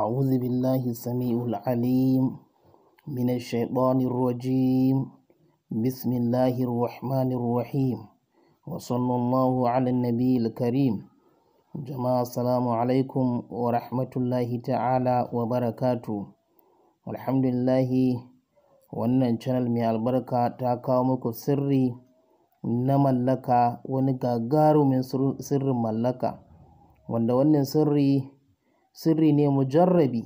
أعوذ بالله السميع العليم من الشيطان الرجيم بسم الله الرحمن الرحيم وصلى الله على النبي الكريم جماعة السلام عليكم ورحمة الله تعالى وبركاته الحمد لله wannan channel mai albarka ta kawo muku sirri na mallaka wani gagarumin sirrin mallaka wanda wannan sirri sirri ne mujarrabi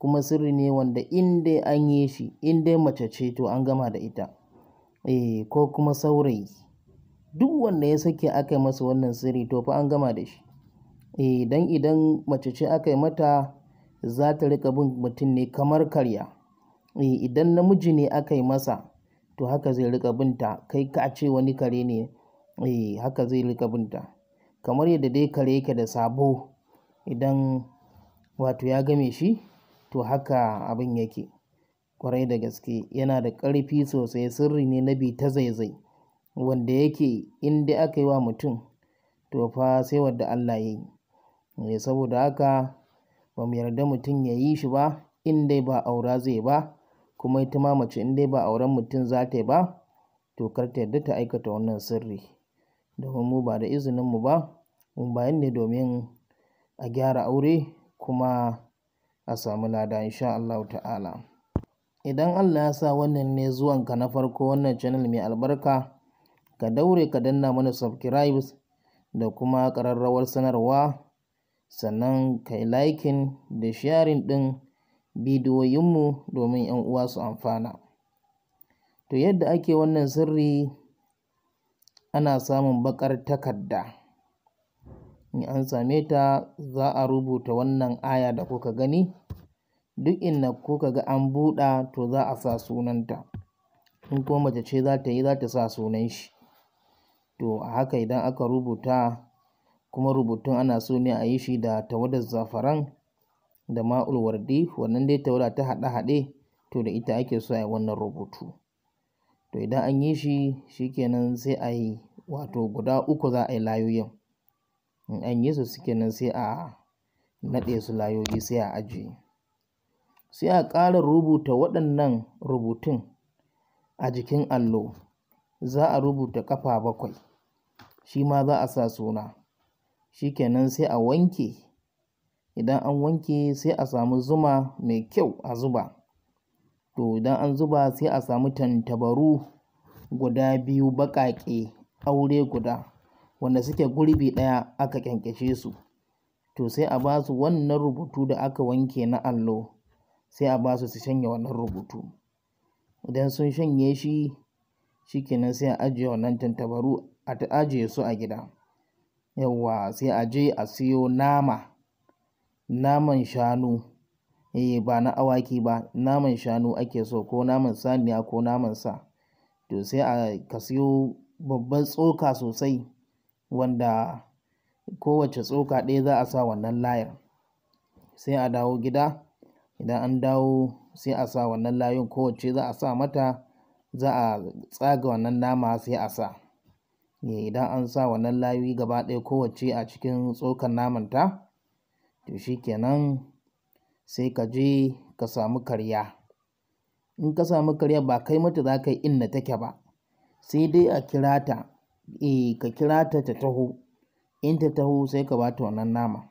kuma sirri ne wanda in dai an yi shi in dai mace ce to an gama da ita e ko kuma saurayi duk wanda ya sake aka yi masa wannan sirri to fa an gama da shi Idan eh, idan mace ce aka yi mata za ta riƙa bin mutum ne kamar karya eh, idan namiji ne aka yi masa to haka zai riƙa binta kai ka ce wani kare ne e haka zai riƙa binta kamar yadda dai kare yake da sabo idan wato ya game shi to haka abin yake Kwarai da gaske yana da ƙarfi sosai sirri ne na bi ta zaizai wanda yake inda aka yi wa mutum to fa sai wadda Allah ya yi eh, saboda haka ba mu yarda mutum ya yi shi ba in ba aura zai ba kuma ita ma mace in dai ba auren mutum za ta yi ba to kar ta yarda ta aikata wannan sirri domin mu ba da izinin mu ba mun bayan ne domin a gyara aure kuma a samu lada insha Allah ta'ala. Idan Allah ya sa wannan ne zuwan ka na farko wannan channel mai albarka, ka daure ka danna mana subscribe da kuma ƙararrawar sanarwa, sannan ka yi da sharing ɗin bidiyoyinmu domin 'yan uwa su amfana. To yadda ake wannan sirri ana samun baƙar takarda. in an same ta za a rubuta wannan aya da kuka gani duk inda kuka ga an buɗa to za a sa sunanta in ko mace ce za ta yi za ta sa sunan shi to a haka idan aka rubuta kuma rubutun ana so ne a yi shi da tawadar zafaran da ma'ul wardi wannan dai tawada ta haɗe-haɗe to da ita ake so a yi wannan rubutu to idan an yi shi shi kenan sai a yi wato guda uku za a yi layoyin in an yi su suke nan sai a naɗe su layoyi sai a ajiye sai a ƙara rubuta waɗannan rubutun a jikin allo za a rubuta ƙafa bakwai shi ma za a sa suna shi kenan sai a wanke idan an wanke sai a samu zuma mai kyau a zuba to idan an zuba sai a samu tantabaru guda biyu baƙaƙe aure guda wanda suke gurbi ɗaya aka ƙyanƙyashe su to sai a ba su wannan rubutu da aka wanke na allo sai a ba su su shanye wannan rubutu idan sun shanye shi shikenan sai a ajiye wannan tantabaru a ta ajiye su a gida yawwa sai a je a siyo nama naman shanu eh ba na awaki ba naman shanu ake so ko naman saniya ko naman sa to sai a ka siyo babban tsoka sosai wanda kowace tsoka ɗaya za a sa wannan layar sai a dawo gida idan an dawo sai a sa wannan layin kowace za a sa mata za a tsaga wannan nama sai a sa eh, idan an sa wannan layoyi gaba ɗaya kowace a cikin tsokan naman ta to shikenan sai ka je ka samu karya in ka samu karya ba kai mata za ka yi inna take ba sai dai a kira ta E, ka kira ta ta taho in ta taho sai ka bata wannan nama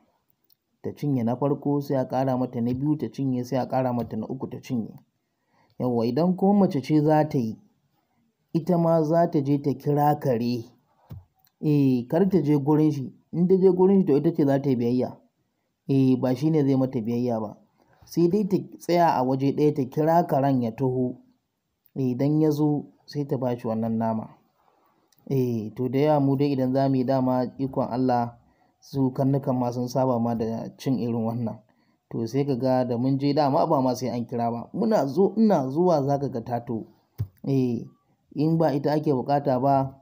ta cinye na farko sai a ƙara mata na biyu ta cinye sai a ƙara mata na uku ta cinye yawwa idan ko mace ce za ta yi ita ma za ta je ta kira kare E, kar ta je gurin shi in ta je gurin shi to ita ce za ta yi biyayya e, ba shi ne zai mata biyayya ba sai dai ta tsaya a waje ɗaya ta kira karen ya taho e, idan ya zo sai ta ba shi wannan nama Eh, to da yawa mu dai idan zamu yi dama ikon Allah su karnukan ma sun saba ma da cin irin wannan. To sai ka ga da mun je dama ba ma sai an kira ba. Muna zo ina zuwa za ka ga tato. Eh, in ba ita ake buƙata ba,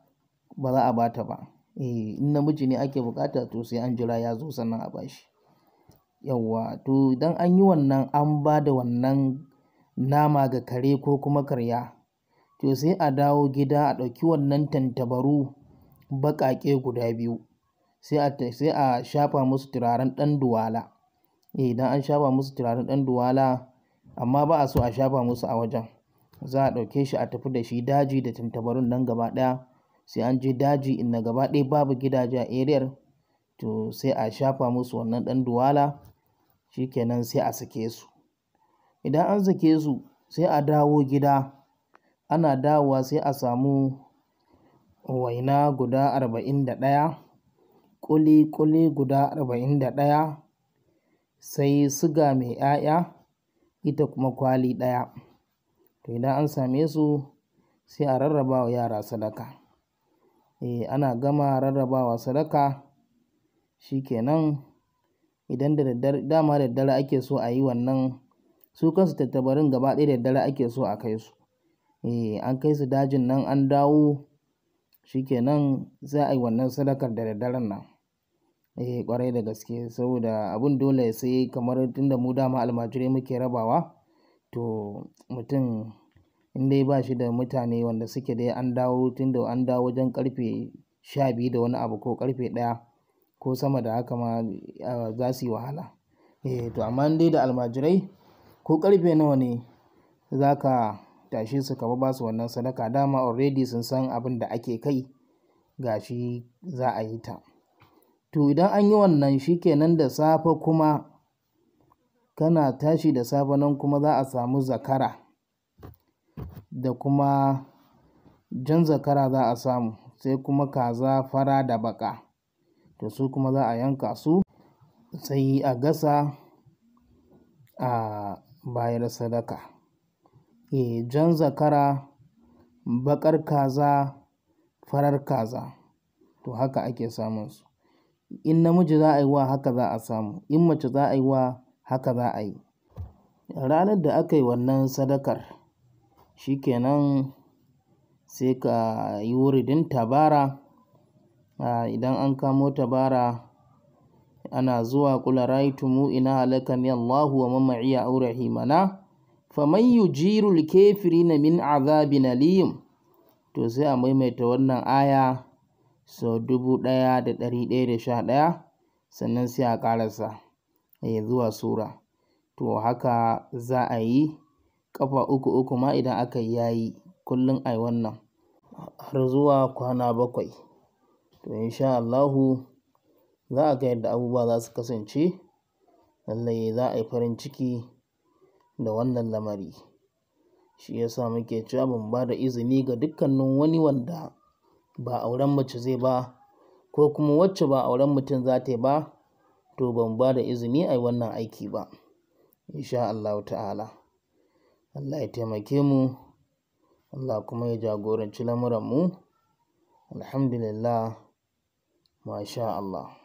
ba za a bata ba. Eh, in namiji ne ake bukata to sai an jira ya zo sannan a bashi. shi. to idan an yi wannan an ba da wannan nama ga kare ko kuma karya, to sai a dawo gida a ɗauki wannan tantabaru baƙaƙe guda biyu sai a shafa musu turaren ɗan duwala eh idan an shafa musu turaren ɗan duwala amma ba a so a shafa musu a wajen za a ɗauke shi a tafi da shi daji da tantabarun nan gaba ɗaya sai an je daji inda gaba ɗaya babu gidaje a eriyar to sai a shafa musu wannan ɗan duwala kenan sai a sake su idan an sake su sai a dawo gida ana dawowa sai a samu waina guda arba'in da ɗaya ƙuli-ƙuli guda arba'in da ɗaya sai suga mai 'ya'ya ita kuma kwali ɗaya to idan an same su sai a rarraba wa yara sadaka E, ana gama rarrabawa sadaka shikenan idan da dama dama daddare ake so a yi wannan su kansu tattabarin gaba ɗaya da daddare ake so a kai su eh an kai su dajin nan an dawo shi shikenan za a yi wannan sadakar da daddaren nan eh kwarai da gaske saboda abun dole sai kamar tunda mu dama almajirai muke rabawa to mutum in dai ba shi da mutane wanda suke dai an dawo tunda an dawo wajen karfe sha biyu da wani abu ko karfe ɗaya ko sama da haka ma za su yi wahala eh to amma dai da almajirai ko karfe nawa ne za ka Tashi su kaba ba su wannan sadaka dama already sun san abin da ake kai gashi za a yi ta to idan an yi wannan shikenan da safe kuma kana tashi da safe nan kuma za a samu zakara da kuma jan zakara za a samu sai kuma kaza fara da baka to su kuma za a yanka su sai a gasa a bayar sadaka Eh, jan zakara, baƙar kaza, farar kaza. To haka ake samun su. In namiji za a yi wa haka za a samu, in mace za a yi wa haka za a yi. Ranar da aka yi wannan sadakar, shi ke sai ka yi wuridin tabara. Idan an kamo tabara ana zuwa raitu mu ina halakani Allahu wa man ma'iya aw faman yujirul kafirina min azabin aliyim to sai a maimaita wannan aya sau dubu ɗaya da ɗari ɗaya da sha ɗaya sannan sai a ƙarasa ya eh, zuwa sura to haka za a yi ƙafa uku uku ma idan aka yi yayi kullum a wannan har zuwa kwana bakwai to insha Allahu za a ga yadda abubuwa za su kasance lallai za a yi farin ciki da wannan lamari shi yasa muke cewa ban ba da izini ga dukkanin wani wanda ba auren mace zai ba ko kuma wacce ba auren mutum za ta yi ba to ban ba da izini a yi wannan aiki ba insha Allah ta'ala Allah ya taimake mu Allah kuma ya jagoranci lamuranmu alhamdulillah masha Allah